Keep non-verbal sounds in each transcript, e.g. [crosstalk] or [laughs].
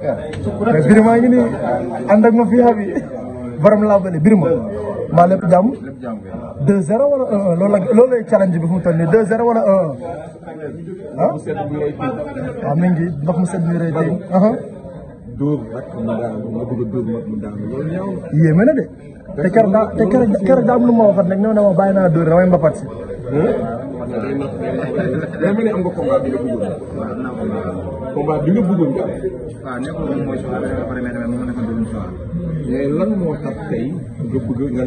mais Birima ngi nii ànd ak ma fii xam yi borom laa bële Birima maa lépp jàmm 2-0 wala 1-1 loolu la loolu lay mu toll nii 2-0 wala 1-1 ah, ah ndox mu sedd mi rëy tey ah, ah. dóor a dóor na de te keroog daa lu ma waxoon nag ñëw na ma bàyyi naa dóor damay mbapat si. combat bi nga bëggoon nga am. waaw nekkul moom mooy choix bi dafa nga bëgg nga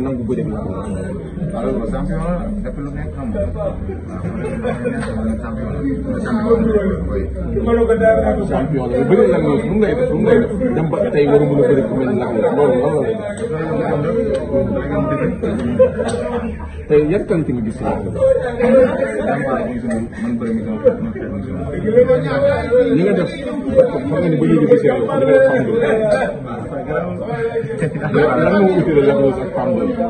nangu bëri dem ba tey war a a bëri ku mel ni lan li nga def xam nga ni ba ñuy dugg si yow da ngay xam lu lan moo utile Lac Rose ak Pape Ndoye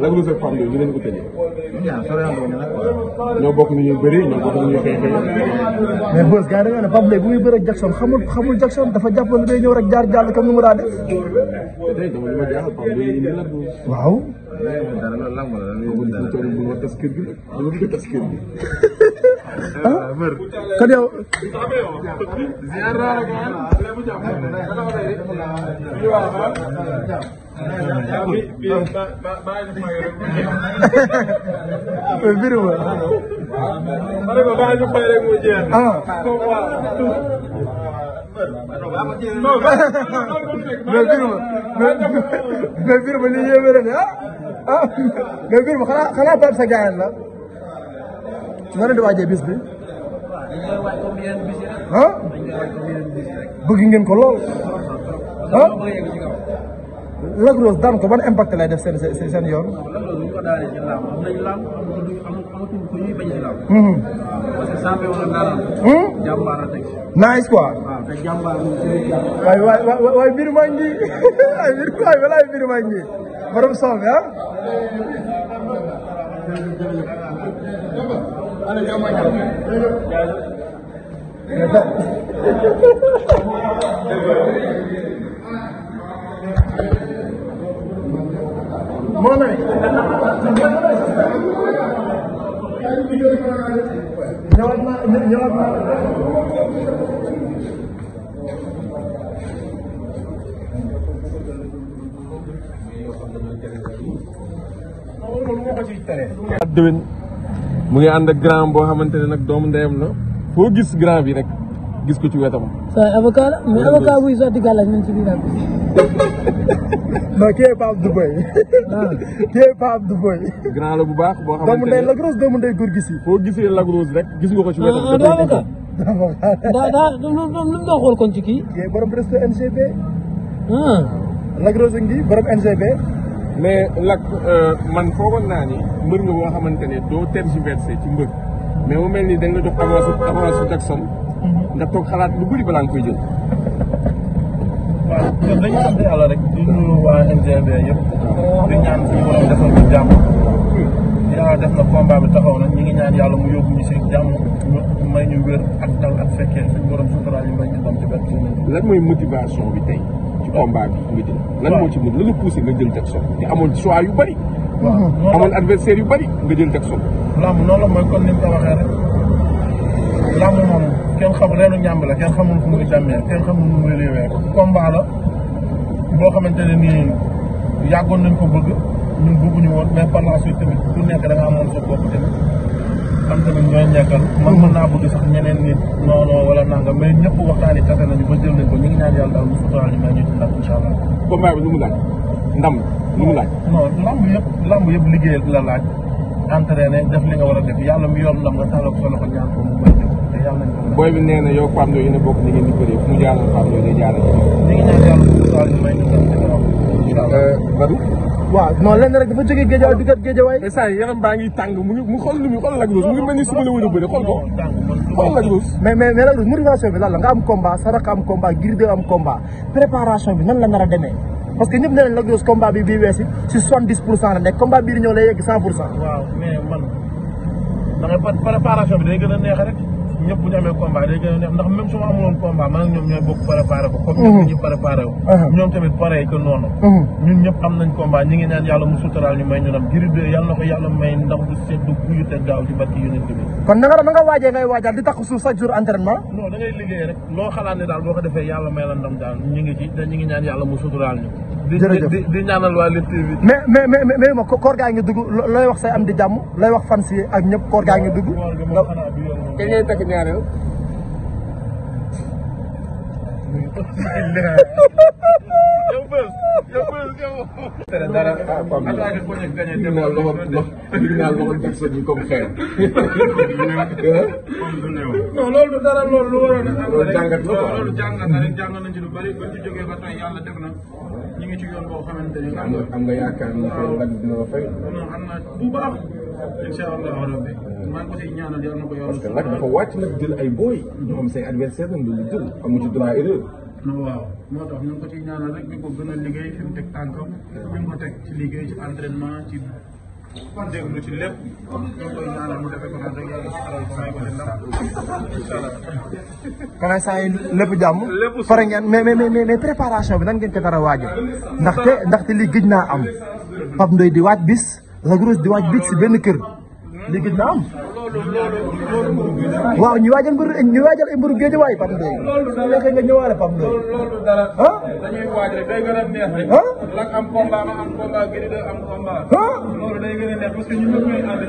Lac Rose ak Pape Ndoye ñu leen utile ñoo bokk ni ñuy bëri ñoo bokk ni ñuy xeexee mais boss gars yi da nga ne Pape Ndoye bu muy bëri ak Jackson xamul xamul Jackson dafa jàppoon day ñëw rek jaar jàll comme ni mu daa def waaw dara loolu lamb la loolu dara bu ma tas kër gi la bu tas kër gi. ah mër kon yow. mais Birima mais Birima li ñu yéeme rek ah. ah mais mbir mi xanaa xanaa Pape sa gaayam la. nga leen di waajee bis bi. ah. bëgg ngeen ko lool. ah. Lac Rose daan ko ban impact lay def seen seen seen yoon. Hmm. Hmm. Hmm? nice quoi. waay waay waay mbir maa ngi [laughs] waay mbir waay mbir maa ngi borom song ah. ñëwaat naa ñëwaat naa at déwén mu ngi ànd ak grand boo xamante ne nag doomu ndeyam la foo gis grand bi rek gis ko ci wetam. waaw avocat la mais avocat buy sotti gàllaaj man ci biir ak. [laughs] non kii est Pape Duboy. waaw ah. kii est Pape Duboy. grand la bu baax boo xamante ne doomu ndey Lac Rose doomu ndey góor gis yi. foo gisee Lac Rose rek gis nga ko ci wetam. ah ah avocat daa daa lu mu doon xool kon ci kii. kii borom resto MCB. Lac Rose ngi borom NGB. mais Lac euh, man foogoon naa ni mbër nga boo xamante ne doo tergiversé ci mbër mais mu mel ni dañ la jox avance avance su Jackson. Mhm. nga toog xalaat lu bëri balaa nga koy jël. waaw kon dañuy sant yàlla rek di nuyu defal ko jàmm. yàlla na ñu ngi ñaan yàlla mu yóbbu ñu si jàmm may ñu wér ak mooy motivation bi tey. combat bi nga jël. lan moo ci mën la poussé nga jël Jackson te amoon choix yu bëri. waaw mm-hmm. amoon adversaire yu bëri nga jël Jackson. lamb noonu la mooy kon ni mu ko waxee rek lamb moom kenn xam reenu ñàmb la kenn xamul fu muy jàmmee kenn xamul nu muy réewee. combat la boo xamante ne nii yàggoon nañ ko bëgg ñun bëgguñu woon mais par la tamit ku nekk da nga amoon sa bopp tamit. am tamit ñooy njëkkal man mën naa bëgg sax ñeneen nit noonu wala nangam mais ñëpp waxtaan yi nañu ba jël nañ ko ñu ngi ñaan yàlla daal mu suturaal ñu may ñu ci ndam incha allah combat yëpp lamb la laaj entraîné def li nga war a def yàlla mi yoon ndam nga sax la ko solo ko ñaan ko mu may nee na a bokk ni ngeen di bëri mu jaaral ñu ngi ñaan yàlla mu suturaal ñu waaw non lenn rek dafa jógee géejawaay dugat géejawaay mais saa yi yaram baa ngi tàng mu ngi mu xool lu mu xool Lac Rose mu ngi la bi lan la am combat Sadaka am combat Girde am bi nan la de a parce que ñëpp nee nañ Lac Rose combat bi bii weesi si soixante dix pour cent la nekk combat bi day gën a neex rek ñëpp bu ñu amee combat day gën a neex ndax même su ma amuloon combat man ak ñoom ñooy bokk préparé ko comme ñëpp ñu préparé ko ñoom tamit pareil que noonu ñun ñëpp am nañ combat ñi ngi naan yàlla mu suturaal ñu may ñu ndam Gris 2 yàlla na ko yàlla may ndam bu sedd guyu te gaaw ci barki yonent bi kon na nga na nga waajee ngay waajal di takk suuf chaque jour entraînement non da ngay liggéey rek loo xalaat ne daal boo ko defee yàlla may la ndam daal ñu ngi ci te ñi ngi ñaan yàlla mu suturaal ñu di di ñaanal waa Leewtoo TV mais mais mais mais ma koor gaa ngi dugg looy wax say am di jàmm looy wax fans yi ak ñëpp koor gaa ngi dugg kañ lay takk ñaareel. yow bës yow bës yow. dara ah Pape Ndiaye comme xeer. Ah? non loolu dara loolu a. loolu jàngat la quoi loolu jàngat la rek jàngat nañu ci lu bari ba ci jógee ba tey na ñu ngi ci yoon boo nga yaakaar ni fay incha allah rabbi maa ngi ko siy jël ay booy. ñoo xam say adversaire moo tax ñu ngi gën a liggéey fi mu yi lépp jàmm. lépp pare ngeen mais mais préparation bi nan ngeen ko dara waajal. ndaxte ndaxte li gëj naa am. Pape Ndoye di waaj bis. Lac Rose di waaj bit si benn kër léegi na am waaw ñu waajal mbir ñu waajal ay mbiru géej waay Pape Ndoye léegi nga ñëwaale Pape Ndoye ah dañuy waaj rek day gën a neex rek lak am a am combat loolu day gën a neex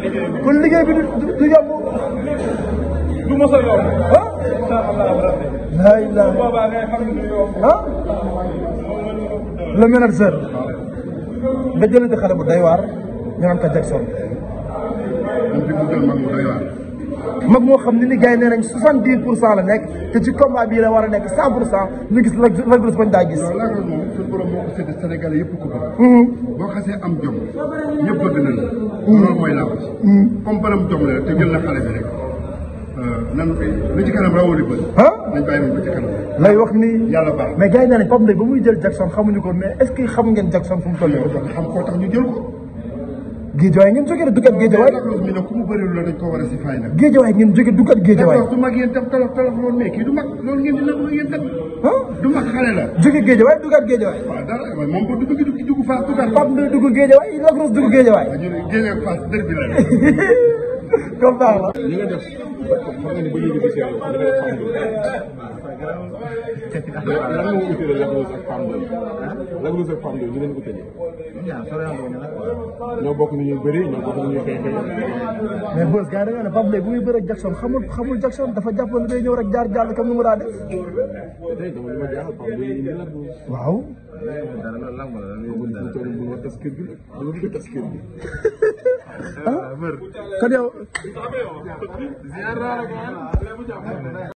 liggéey bi kon liggéey bi du yomb du mos a yomb ah incha allah rabbi la ilaha bu day waar ñu naan ko Jackson. mag moo xam ne ni gars yi nee nañ soixante dix pour cent la nekk te ci combat bii la war a nekk cent pour cent ñu gis la la gis bañ daa gis. waaw laaj moom suñu borom moo ko sédd Sénégalais yëpp ko bëgg. Mm-hmm. boo xasee am jom ñëpp bëgg nañ la. Mm-hmm. loolu mooy làmb ci. Mm-hmm. comme balam jom la te jël na xale bi rek. Euh, nan koy lu ci kanam rawali bëri. nañ bàyyi nañ ko ci kanam. lay wax ni. yàlla baax mais gars yi nee nañ Pape Ndeye ba muy jël Jackson xamuñu ko mais est-ce que xam ngeen Jackson fu mu toll nii. xam koo tax ñu jël ko. géejawaay ngeen jógee duggaat géejawaay. ñu ne ku mu bëri loolu dañ ko war a si fay nag. géejawaay ngeen jógee duggaat géejawaay. d'accord du mag yéen tam tolof tolof loolu mais kii du mag loolu ngeen dina ko yéen tam. du mag xale la. jóge géejawaay duggaat géejawaay. waaw dara waaye moom bu dugg dugg dugg Fass duggaat. Pape Ndoye dugg géejawaay Lac Rose dugg géejawaay. waaw ñu ne géejawaay Fass dër bi la. [laughs] comme ça la. li nga def xam nga ni bu ñuy dugg si yow li nga def Pape Ndoye. lan moo utile Lac Rose ak Pape Ndoye. Lac Rose ak Pape Ndoye ñu leen utalee. ñoo bokk ni ñuy bëri ñoo bokk ni ñuy xeexee. mais boos gars yi da nga ne Pape Leye bu muy bëri ak Jackson xamul xamul Jackson dafa jàppoon ne day ñëw rek jaar jàll comme ni mu daa def. waaw. ah kon yow.